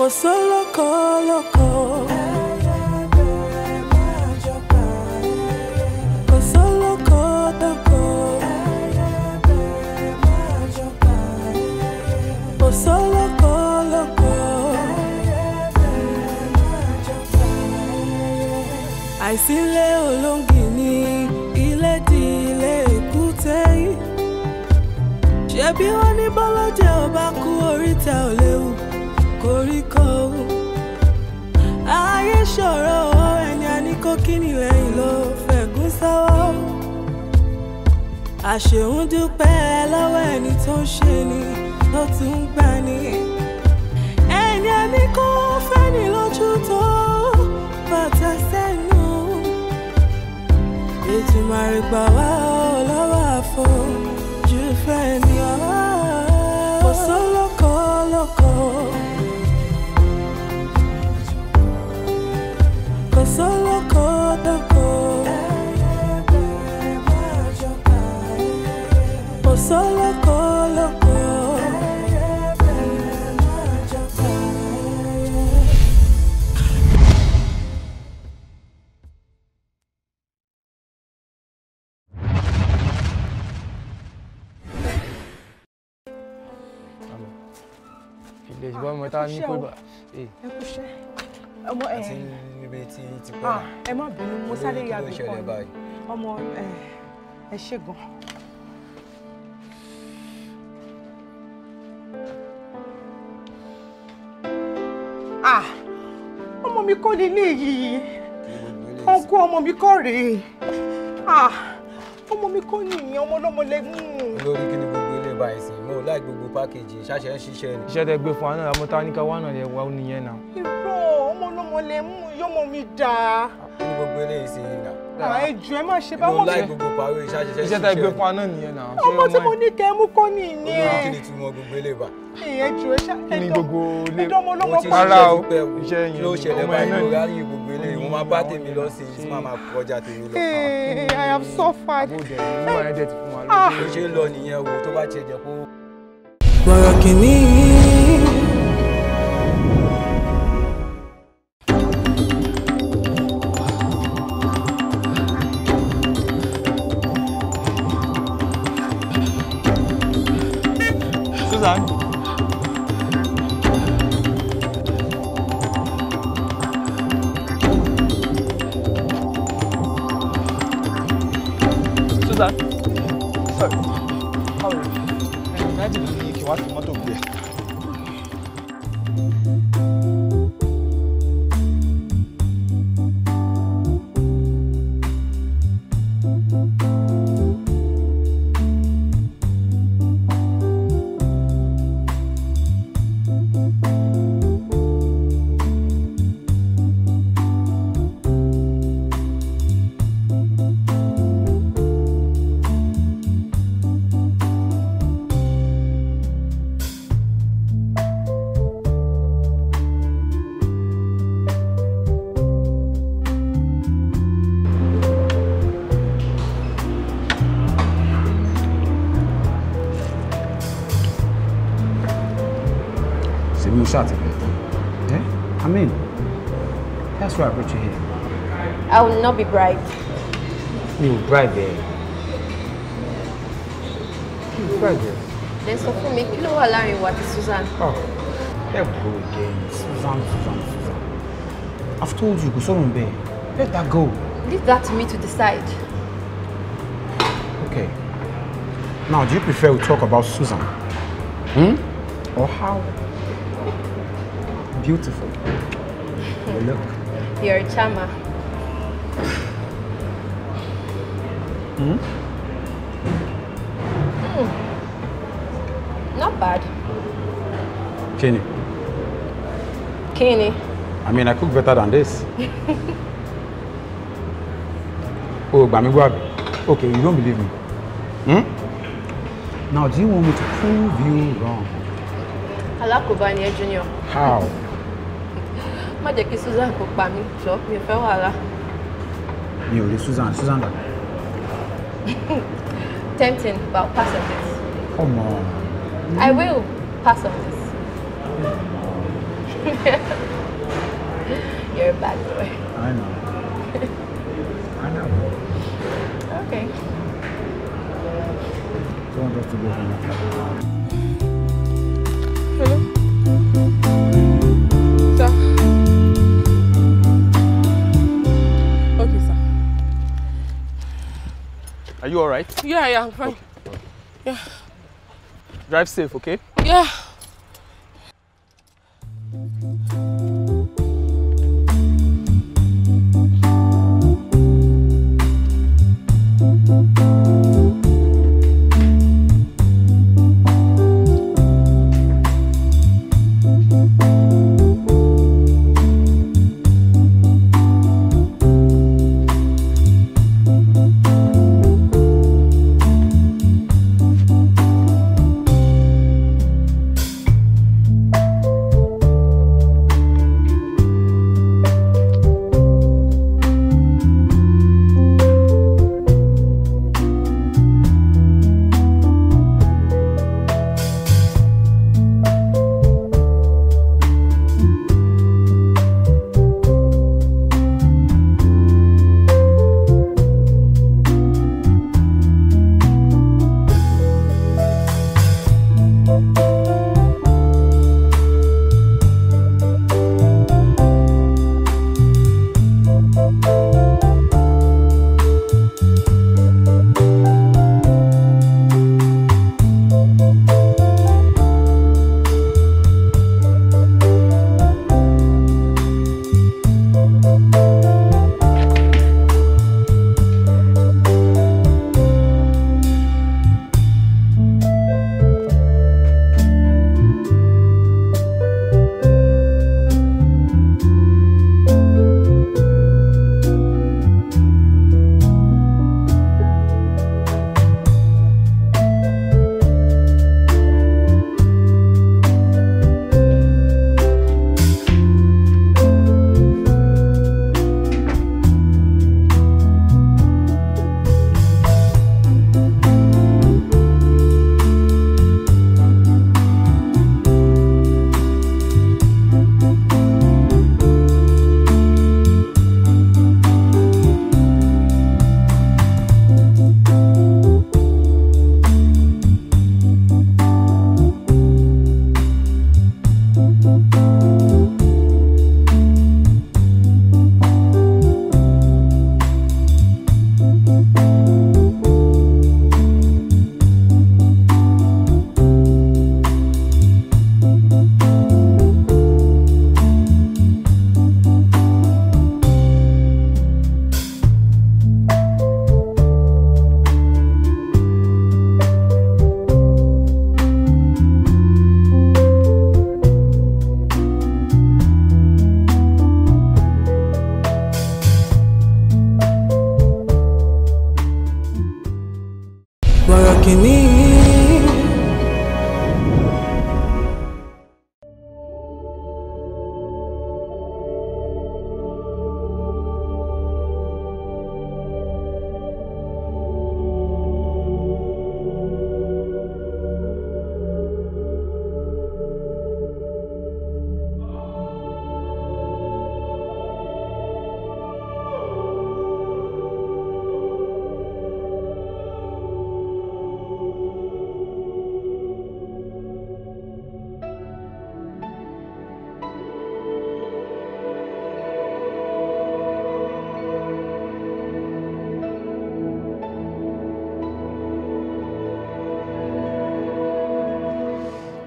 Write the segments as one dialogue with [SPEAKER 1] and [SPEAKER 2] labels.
[SPEAKER 1] kò sólókòó lóko. solo coloco. àìsílé olóńgì ni ilé di ilé èkúté yìí ṣebí wọn ní bọ́lọ́jẹ́ ọba kú oríta ò léwu koríko ayé ṣòro ẹni àníkó kíni lẹ́yìn ló fẹ̀gún sọ́wọ́ àṣehùn dúpẹ́ lọ́wọ́ ẹni tó ń ṣe ni ó tún ń gbà ní ẹni ẹni kó fẹ́ni lójú tó bàtà sẹ́nu ìtumọ̀ àrègbà wà ó lọ́wọ́ àfọ̀ jù fẹ́ni. ṣùgbọ́n
[SPEAKER 2] mo ta ní kó bá. ẹ
[SPEAKER 1] kú ṣe ọmọ ẹ àti
[SPEAKER 2] ibi tí ti ah,
[SPEAKER 3] pẹ́. ẹ má bínú mo sáré ya bí kan ọmọ ẹ ṣe gan mi kọ́ nílé yìí ọkọ ọmọ mi kọ́ rèé ah, ọmọ mi kọ́ nìyẹn ọmọ ọlọ́mọ lẹ́gùn.
[SPEAKER 2] olórí kí ni gbogbo ilé báyìí sí mo láì gbogbo pákéjì ṣáṣẹ ń ṣiṣẹ́ ni. iṣẹ́ tẹ gbé fún wa náà mo ní ká náà lè wá nìyẹn náà.
[SPEAKER 1] irọ́ ọmọ lẹ mú yọmọ mi dáa.
[SPEAKER 2] kí ni gbogbo ilé yìí yìí náà.
[SPEAKER 1] àwọn ẹjọ́ ẹ má ṣe bá wọn. mo láì gbogbo
[SPEAKER 2] pàrọ̀ ìṣàṣẹṣẹ ṣiṣẹ́. iṣẹ́ tẹ gbé fún wa náà
[SPEAKER 1] ìyẹn ju ẹjọ
[SPEAKER 2] gbogbo ilé para o iṣẹ́ yẹn ló ṣẹlẹ̀ báyìí ló ráyè gbogbo ilé wọn máa bá tèmi lọ sí i máa kọjá tèmi lọ. I have suffered. bó o dẹ̀ ní wọ́n ẹ̀dẹ̀ ti fún wa lójú. kò ṣe é lọ nìyẹn o tó bá tiẹ̀ jẹ́ kó. shot of it. Eh? I mean, that's why I brought you here.
[SPEAKER 1] I will not be bribed.
[SPEAKER 2] You will bribe her. You will bribe her.
[SPEAKER 3] Then stop fún me. You know what I'm wa àti Susan? Oh,
[SPEAKER 2] there we go again. Susan, Susan, Susan. I've told you, kò sọ̀rọ̀ Let that go.
[SPEAKER 3] Leave that to me to decide.
[SPEAKER 2] Okay. Now, do you prefer we talk about Susan? Hmm? Or
[SPEAKER 1] how
[SPEAKER 3] beautiful. you look.
[SPEAKER 1] You're a charmer. Hmm? Mm. Not bad. Kenny. Kenny.
[SPEAKER 2] I mean, I cook better than this. oh, Bamigwab. Okay, you don't believe me.
[SPEAKER 1] Hmm?
[SPEAKER 2] Now, do you want me to prove you wrong?
[SPEAKER 1] Alakubania Junior. How? má jẹ́ kí Susan kó pa mí jọ mi ò fẹ́ wàhálà.
[SPEAKER 2] mi ò rí Susan Susan dà.
[SPEAKER 3] tempting but I'll pass on this. come on. Mm. I will pass on this.
[SPEAKER 1] You're a bad boy. I know. I know. Okay. Don't have to go home. Are you all right? Yeah, yeah, I'm fine. Okay. Yeah.
[SPEAKER 2] Drive safe, okay?
[SPEAKER 1] Yeah.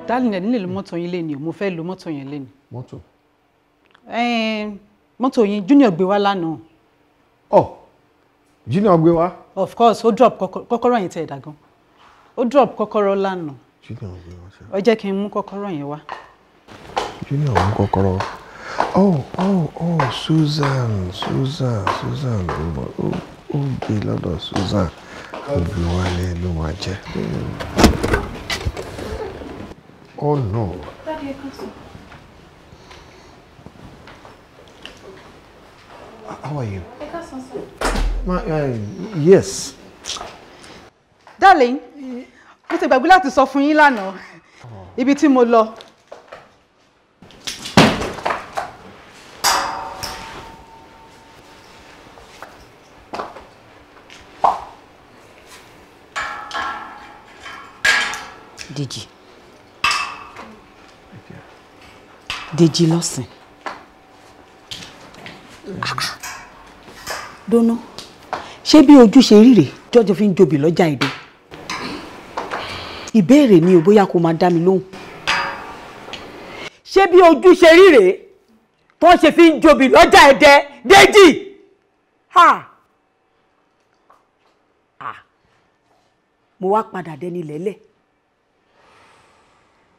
[SPEAKER 3] darling ẹ̀ nílè lo mọ́tò yín lénìí o mo fẹ́ lo mọ́tò yẹn lénìí. mọ́tò. mọ́tò yín junior gbé wá lánàá. ọ junior gbé wá. of course ó drop kọ́kọ́rọ́ yẹn tẹ̀ ẹ̀dá gan ó drop kọ́kọ́rọ́ lánàá. junior gbé wá ṣe. ó jẹ́ kí n mú kọ́kọ́rọ́ yẹn wá.
[SPEAKER 4] junior mú kọ́kọ́rọ́ oh oh oh Susan Susan Susan o o gbé lọ́dọ̀ Susan òbí wálé ló máa jẹ́. Oh no. Daddy, How are you? My, uh, yes.
[SPEAKER 3] Darling, mo ti gbàgbé láti sọ fún yín lánàá. Ibi tí mo lọ. Dèjì lọ́sìn. Dóná, ṣé bí ojú ṣe rí rèé jọ́jọ́ fi ń jobì lọ́jà èdè? Ìbéèrè ni o bóyá kó máa dá mi lóhùn. Ṣé bí ojú ṣe rí rèé tó ṣe fi ń jobì lọ́jà èdè Dèjì? Mo wá padà dẹni lẹ́lẹ̀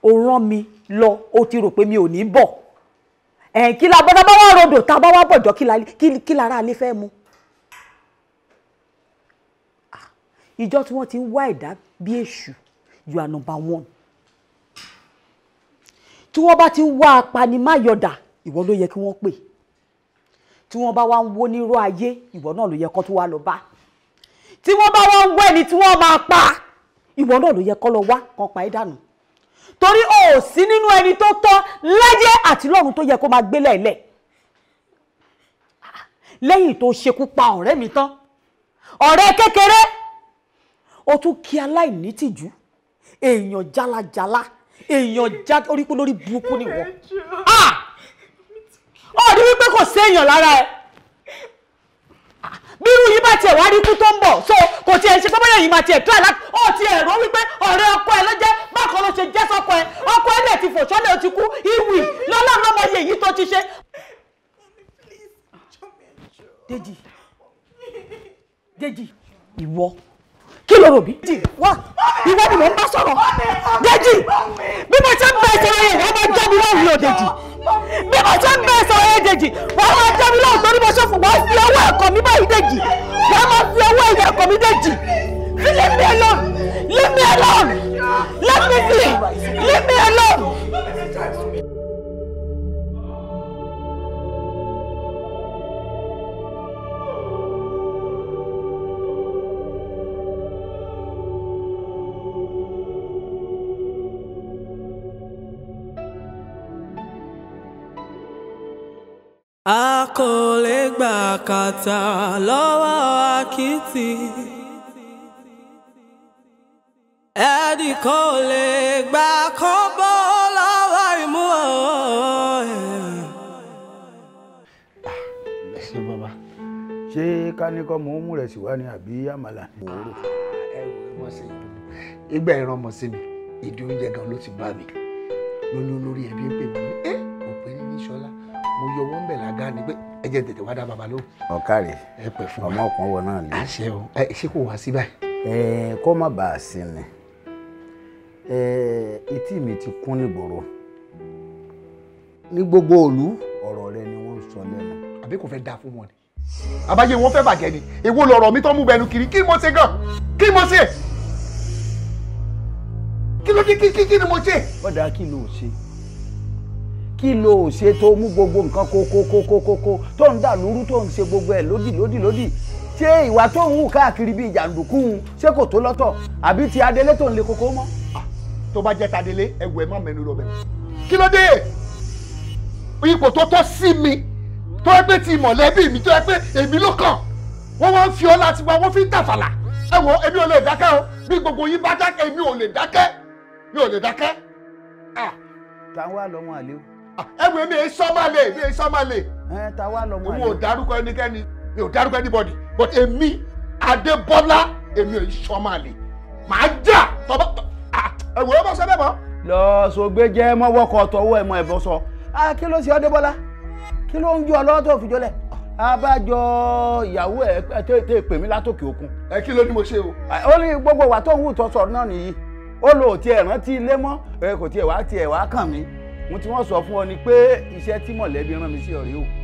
[SPEAKER 3] ó rán mi lọ ó ti rò pé mi ò ní bọ̀ kí la bọ́dá bá wà rodò tá a bá wà bọ̀jọ́ kí lára alẹ́ fẹ́ mu. Ah, ìjọ tí wọ́n ti ń wá ẹ̀dá bí èṣù you are number one tí wọ́n bá ti ń wá apanimáyọ̀dà ìwọ ló yẹ kí wọ́n pè tí wọ́n bá wá ń wó nírú ayé ìwọ náà ló yẹ kó tó wá lọ bá tí wọ́n bá wá ń wọ ẹni tí wọ́n máa pa ìwọ náà ló yẹ kó lọ wá kan pa é dànù torí o ò sí nínú ẹni tó tọ́ lájẹ́ àti lọ́run tó yẹ kó máa gbé lẹ́ẹ̀lẹ́ lẹ́yìn tó ṣekú pa ọ̀rẹ́ mi tán ọ̀rẹ́ kékeré ó tún kí aláìnítìjú èèyàn jálajàla èèyàn já orí pé lórí burúkú ni wọ́n ó rí wípé kò séèyàn lára ẹ bírú yìí bá tiẹ̀ wá rí ikú tó ń bọ̀ so kò tiẹ̀ ṣe pé bóyá yìí máa tiẹ̀ tó ẹ̀ láti ó tiẹ̀ rò wípé ọ̀rẹ́ ọkọ ẹ ló jẹ́ bákan kan ló ṣe jẹ́ sọ́kọ ẹ ọkọ ẹ lè ti fò sọ́lẹ̀ ó ti kú ìwì lọ́lọ́run ló mọyì èyí tó ti ṣe. Dèjì Dèjì ìwọ kí ló rò bí.
[SPEAKER 1] wá ìwọ ni mò ń bá sọ̀rọ̀ Dèjì
[SPEAKER 3] bí mo ṣe ń bẹ ìṣòro yẹn wọ́n máa jẹ́ mi lọ́rùn yóò Dèjì bí mo ṣe ń bẹ ìṣòro yẹn Dèjì wọ́n máa jẹ́ mi lọ́rùn torí mo ṣe fún wọ́n fi ọwọ́ ẹ̀kọ́ mi báyìí Dèjì wọ́n máa fi ọwọ́ ẹ̀kọ́ mi Dèjì leave me alone leave me alone.
[SPEAKER 1] Let me be! Leave me alone! a kò lè gbà ẹnì kan ò lè gbà kọ́bọ̀ lọ́wọ́ ìmú ọ̀hún. Ah, ẹ ṣe bàbá
[SPEAKER 2] ṣé káníkọ́ mò ń mú rẹ̀ sí wá ní àbí àmàlà. ẹ wò ó mọ̀ sí i ìgbà ìran mọ̀ sí mi ìdí oúnjẹ gan ló ti bá mi lóní olórí ẹbí ń pè mí ẹ òpin ní sọlá mo yọ owó ń bẹ̀ lága ni pé ẹ jẹ́ tètè wá dá bàbá lóhùn. ọ̀kàrè ọmọ ọ̀kan wọ náà lé. àṣẹ o ṣé kò wá sí báyìí. ẹ kó má bàa sinmi etí mi ti kún nígboro ní gbogbo òlu ọ̀rọ̀ rẹ ni wọ́n ń sọ lẹ́nu. àbí kò fẹ́ dáa fún wọn ni àbáyé wọn fẹ́ bàjẹ́ ni èwo lọ̀rọ̀ mi tó mú bẹnu kiri kí mo ṣe gan kí mo ṣe kí ló dé kí kí ni mo ṣe. ọ̀dà kí ló ṣe kí ló ṣe tó mú gbogbo nǹkan kókókókókó tó ń dà lóru tó ń ṣe gbogbo ẹ̀ lódì lódì lódì ṣé ìwà tó ń hù káàkiri bíi jàǹdùkú ṣé kò tó lọ́tọ̀ àbí ti adélé tó ń le koko mọ́ tó bá jẹ́ tadélé ẹ̀wù ẹ̀ má mẹ́nu lọ bẹ̀rẹ̀. kí ló dé ipò tó tọ́ sí mi tó yẹ pé ti mọ̀lẹ́bí mi tó yẹ pé èmi ló kàn wọ́n wá ń fi ọlá tiwa wọ́n fi ń tàfàlà ẹ wo èmi ò lè dákẹ́ o bí gbogbo yín bá dákẹ́ èmi ò lè dákẹ́ mi ò lè dákẹ́. Ah. ta wá lọ́mọ àlè o. Ah, ẹ wo èmi èso máa lè èmi èso máa lè. ta wá lọ́mọ àlè o. òun ò dárúkọ ẹnikẹ́ni anybody but èmi Adébọ́lá èmi ò èso máa lè màá jà tọ́ba ah, ẹ̀wọ̀n ọmọ sọ bẹ́ẹ̀ mọ́. lọ sọgbẹ́ jẹ́ mọ́wọ́kọ tọwọ́ ẹ̀mọ ẹ̀bọ sọ kí ló ṣe Adébọ́lá kí ló ń jó ọlọ́wọ́ tó fi jólẹ̀ abájọ ìyàwó ẹ tẹ pè mí látòkè òkun. ẹ kí ló ní mo ṣe o. ó ní gbogbo wà tó ń wù tó sọ náà nìyí ó lò tí ẹ rántí ilé mọ́ ẹ kò tiẹ̀ wá tiẹ̀ wá kàn mí mo ti wọ́n sọ fún ọ ni pé iṣẹ́ tí mọ̀lẹ́bí rán mi sí ọ̀rẹ́ o.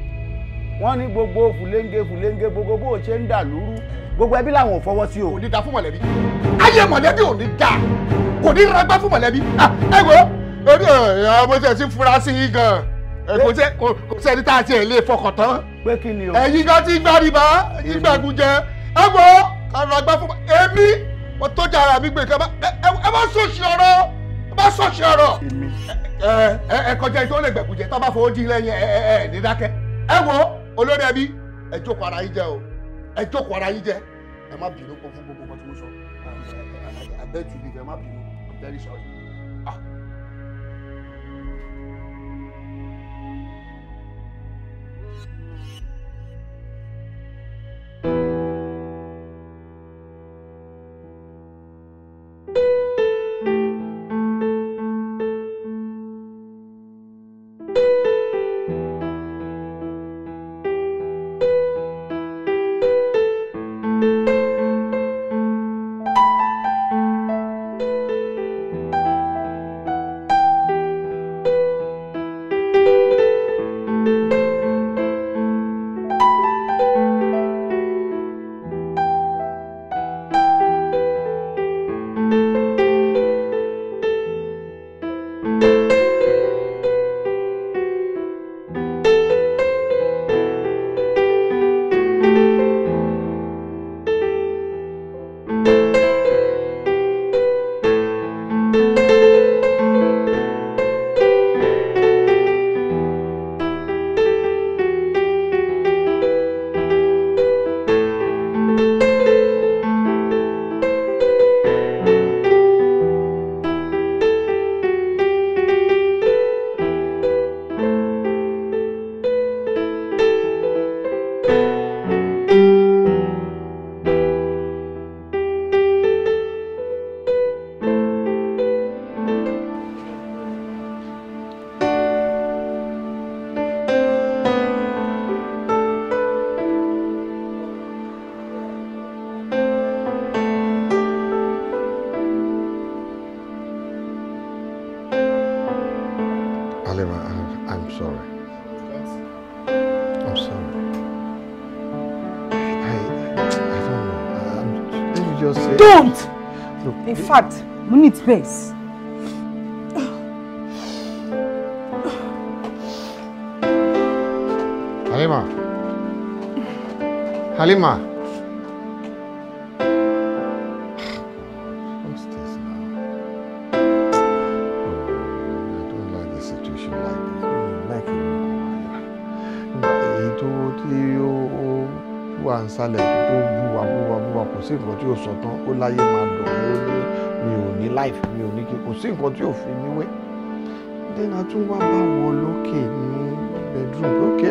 [SPEAKER 2] wọ́n ní gbogbo fùlẹ́ńgẹ fùlẹ́ńgẹ gbogbo bó o ṣe gbogbo ẹbí làwọn ò fọwọ́ sí o. kò ní da fún mọ̀lẹ́bí ayé mọ̀lẹ́bí ò ní da kò ní fún mọ̀lẹ́bí ẹ wo orí ọmọ tí ẹ ti fura sí i gan kò kò fọkàn tán. pé kí ni o. ti gbá mi gbé ẹ bá ẹ bá ẹ ẹ kọjá tó bá fọwọ́ olórí ẹbí ẹ jókòó ara yín jẹ o ẹ jókòó ara yín jẹ ẹ má bínú kó fún gbogbo nǹkan tí mo sọ I beg you leave ẹ má bínú I'm very sorry.
[SPEAKER 3] space.
[SPEAKER 4] Halima. Halima. Oh, sálẹ̀ tó búwa búwa búwa kò sí nǹkan tí ó sọ tán ó láyé máa dùn ó ní mi ò ní life mi ò ní kí kò sí nǹkan tí ò fi mí wé then wá bá wọn lókè ní bedroom lókè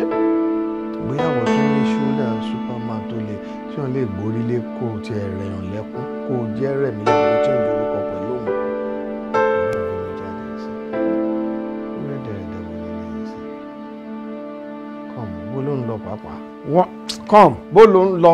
[SPEAKER 4] bóyá àwọn tó ní ṣúlẹ̀ superman tó lè tí wọ́n lè gborí lé kó o tiẹ̀ rẹ̀yàn lẹ́kún kó jẹ́ rẹ̀mí lẹ́kún tí ìjọba come bó ló ń lọ pàápàá come bó ló ń lọ.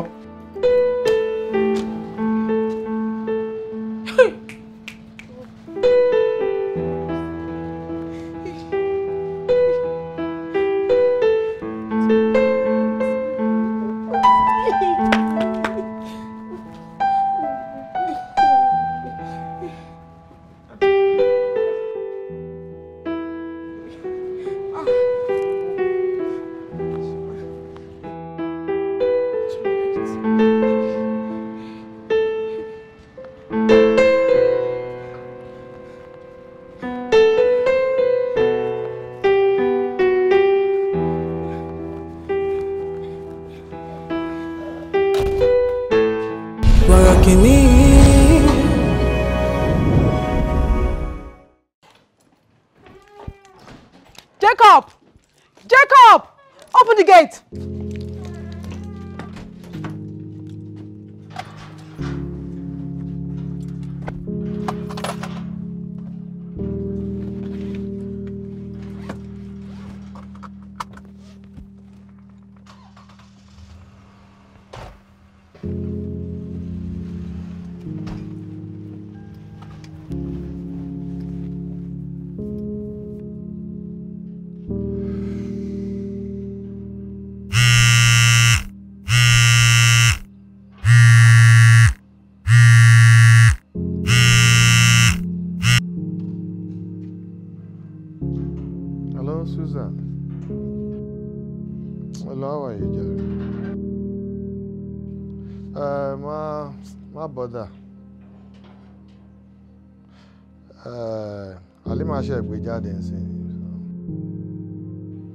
[SPEAKER 4] Halima ṣe gbé jáde kí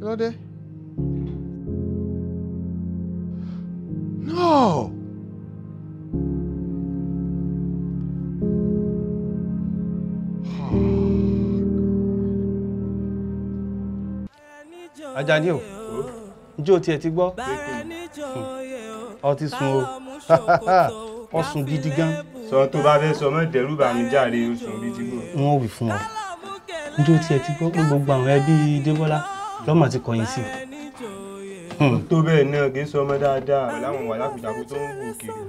[SPEAKER 4] ló dé.
[SPEAKER 1] No!
[SPEAKER 2] Ajani o njó tiẹ̀ ti gbọ́ ọ ti sun o ọ sùn gidi gan. sọ tó bá fẹ́ sọ mọ́ dẹ́rù bá mi jáde
[SPEAKER 1] ó sùn gidi gan.
[SPEAKER 2] n wí fún ọ njó tiẹ̀ ti gbọ́ pé gbogbo àwọn ẹbí Débọ́lá lọ́mọ ti kọ̀yìn sí i. Hmm, tó
[SPEAKER 1] bẹ́ẹ̀ náà kì í sọ ọmọ dáadáa láwọn wà lákùjákú tó ń wò kiri.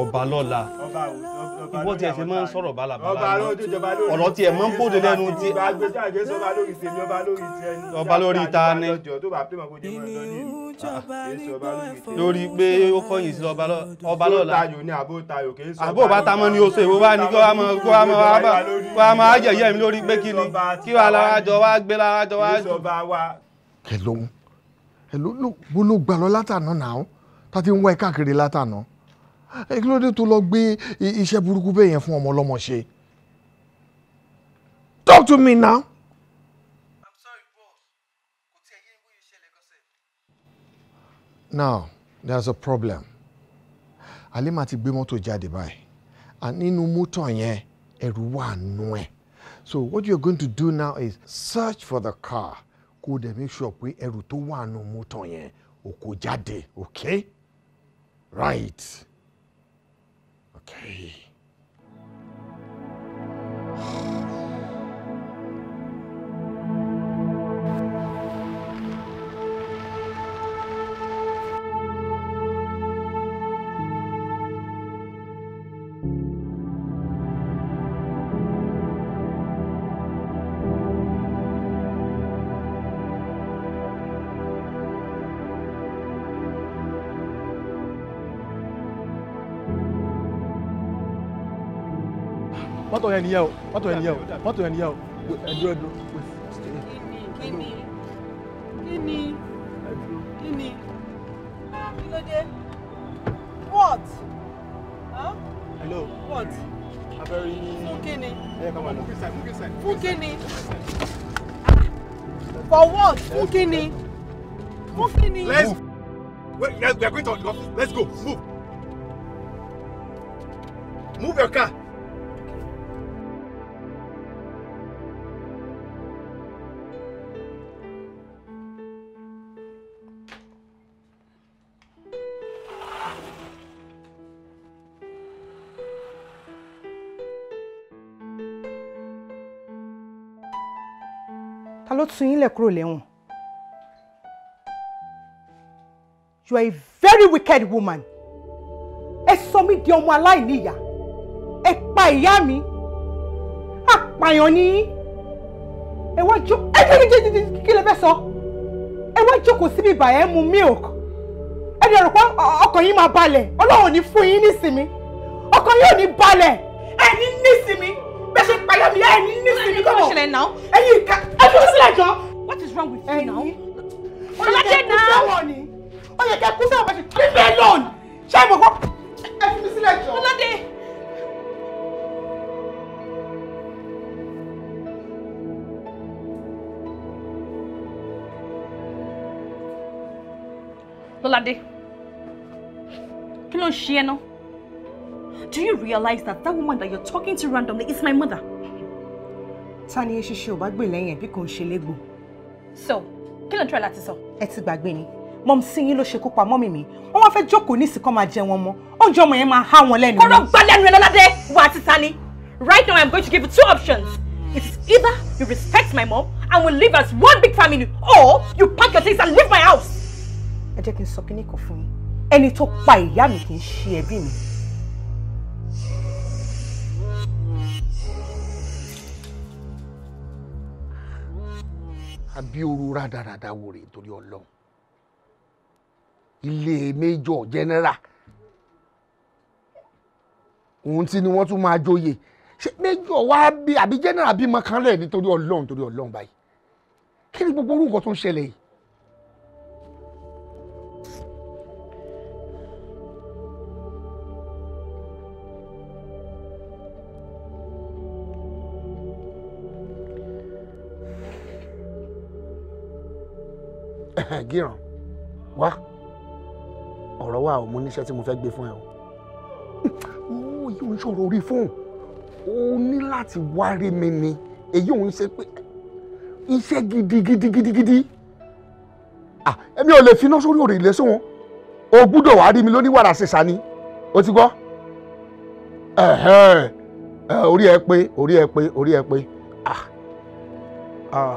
[SPEAKER 2] ọba lọ́la. ọba wo
[SPEAKER 1] ìwọ tiẹ̀ ṣe máa ń sọ̀rọ̀ bálabàlà
[SPEAKER 2] ọ̀rọ̀ tiẹ̀ máa ń bòde lẹ́nu tí. ọba lórí ta ni lórí pé ó kọ̀yìn sí ọba lọ́la àbó bá ta mọ́ ni oṣù èwo bá ní kí wàá mọ kí wàá mọ kí wàá mọ ajẹ̀yẹ̀ mi lórí pé kí ni kí wàá lára jọ wá gbé lára jọ wá.
[SPEAKER 4] ẹ lóhun ẹ ló gbà lọ látàná náà tá a ti ń wá ẹ káàkiri látàná kí ló lọ gbé iṣẹ́ burúkú bẹ́ẹ̀ yẹn fún ọmọ ọlọ́mọ ṣe talk to me now. I'm sorry boss now there's a problem Halima ti gbé mọ́tò jáde báyìí and nínú mọ́tò yẹn ẹrù wà nù ẹ̀ so what you are going to do now is search for the car kó dẹ̀ make sure pé ẹrù tó wà nù mọ́tò yẹn ò kó jáde okay right. 可以。
[SPEAKER 2] mọ́tò yẹn nìyẹn o mọ́tò yẹn nìyẹn o mọ́tò yẹn nìyẹn o ẹ̀dúró ẹ̀dúró.
[SPEAKER 1] kí ni kí kí ló dé what
[SPEAKER 2] hello what abẹ́rẹ́ yín fún kí for what fún kí let's we are going to the office let's go move move your car.
[SPEAKER 3] ta ló tún yín lẹ̀ kúrò lẹ́wọ̀n. you are a very wicked woman. ẹ sọ mí di ọmọ aláìní ìyá ẹ pa ìyá mi àpàyàn ni yín ẹ wá jó ẹ jẹ́ kí lè fẹ́ sọ ẹ wá jókòó síbi ìbà ẹ mu milk ẹ dẹ̀ rò pé ọkàn yín máa balẹ̀ ọlọ́run ò ní fún yín nísìmí ọkàn yín ò ní balẹ̀ ẹ ní nísìmí lọ mi ẹ ní ní sinmi kọ́ mọ̀ ẹyin ìka ẹ fi sílẹ̀ jọ. what is wrong with you now. ọlọ́dẹ náà ó yẹ kẹ́ kú sẹ́wọ̀n bá ṣe leave me alone ṣé ìbùkún ẹ fi sílẹ̀ jọ. ọlọ́dẹ. Lọ́ládé, kí ló ń ṣe ẹ́ náà? Do you realize that that woman that you're talking to randomly is my mother? ta ni eṣinṣin ò bá lẹ́yìn ẹ̀ bí ṣe légbò. so kí ló ń tọ́ ẹ láti sọ. ẹ ti gbàgbé ni mọ́mí sí yín ló ṣekú pa mọ́mí mi wọ́n wá fẹ́ jókòó ní ìsìnkán máa jẹ wọn mọ́ oúnjẹ ọmọ yẹn máa há wọn lẹ́nu. kọ́rọ̀ gbá lẹ́nu ẹ lọ́ládé wà á ti ta ni right now i'm going to give you two options it is either you respect my mom and we live as one big family or you pack your things and leave my house. ẹ jẹ́ kí n sọ kí ní kò fún yín ẹni tó pa ìyá mi kì í ṣe ẹbí mi.
[SPEAKER 2] abíoru rádaràda wò rè torí ọlọ́run ilé méjọ general òun tí ni wọ́n tún máa joyè ṣé méjọ wá bí àbí general bímọ kan lẹ̀ nítorí ọlọ́run torí ọlọ́run báyìí kí ni gbogbo orúkọ tó ń ṣẹlẹ̀ yìí àgìràn wá ọ̀rọ̀ wa ò mú níṣẹ́ tí mo fẹ́ gbé fún ẹ o ó yí òun ṣòro orí fóun ó ní láti wá rí mi ni èyí òun ṣe pé iṣẹ́ gidigidigidigidi ah èmi ò lè finá sórí òrì ìlẹ́sùn wọn o gbúdọ̀ wá rí mi lóní wàrà ṣẹṣà ni o ti gbọ́ orí ẹ pé orí ẹ pé orí ẹ pé ah ah.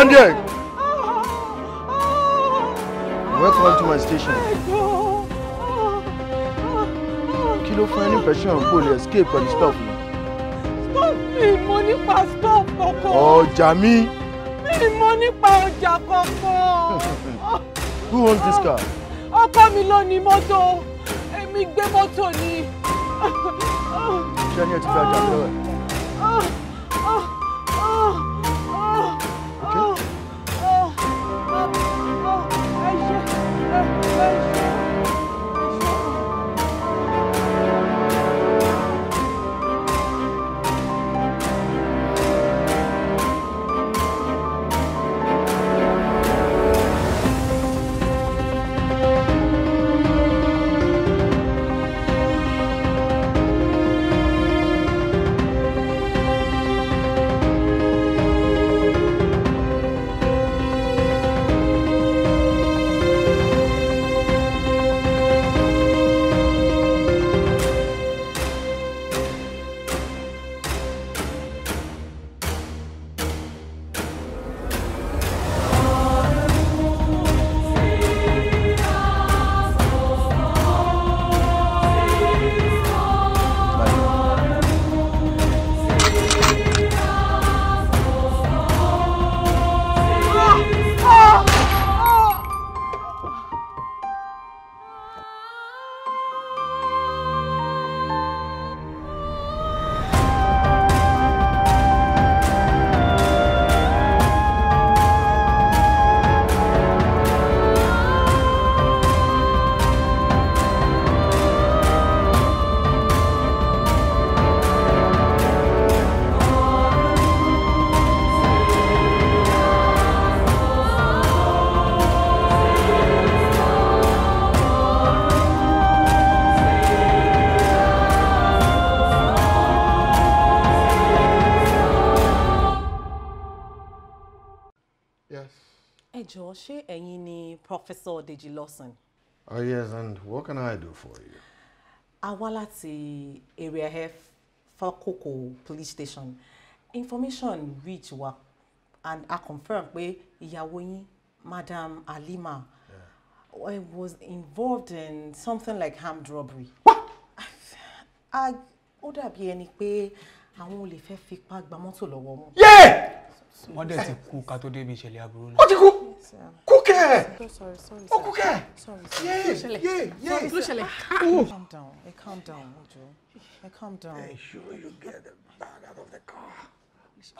[SPEAKER 4] Sunday. Welcome to my station. Kilo ló fún ẹ ní impression kò
[SPEAKER 2] escape and stop me.
[SPEAKER 1] Stop me, money, nípa stuff kankan.
[SPEAKER 2] Ọjà mi.
[SPEAKER 1] Mi mo nípa ọjà kankan.
[SPEAKER 2] Who owns this car?
[SPEAKER 1] Ọkọ mi ló ní mọ́tò. Èmi gbé mọ́tò ni.
[SPEAKER 2] Ṣé ẹni ẹ ti fi ajá lọ́wọ́
[SPEAKER 3] Professor Deji Lawson.
[SPEAKER 4] Oh yes, and what can I do for you?
[SPEAKER 3] A wá láti area health Fakoko police station. Information reach wa and I confirm pé ìyàwó yín Madam Alima
[SPEAKER 1] yeah.
[SPEAKER 3] Eh, was involved in something like armed robbery. What? I, ó dàbí ẹni pé àwọn I fẹ́ fipá gba mọ́tò lọ́wọ́ wọn. yé.
[SPEAKER 2] wọ́n dẹ̀ ti kú ká tó débi ìṣẹ̀lẹ̀ aburú náà.
[SPEAKER 1] ó ti kú Okay. So sorry, sorry. Okuke! Sorry. Yeah, yeah, yeah. Sorry, sorry. Oh. Calm down. Hey, calm down, Ojo. Hey, calm down. Hey, sure you get the bag out of the car.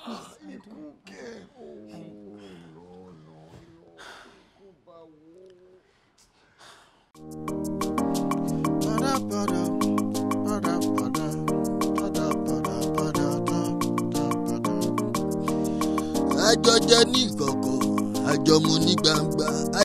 [SPEAKER 1] Oh, no, no,
[SPEAKER 2] no. I got bada, bada, àjọmu ní gbangba.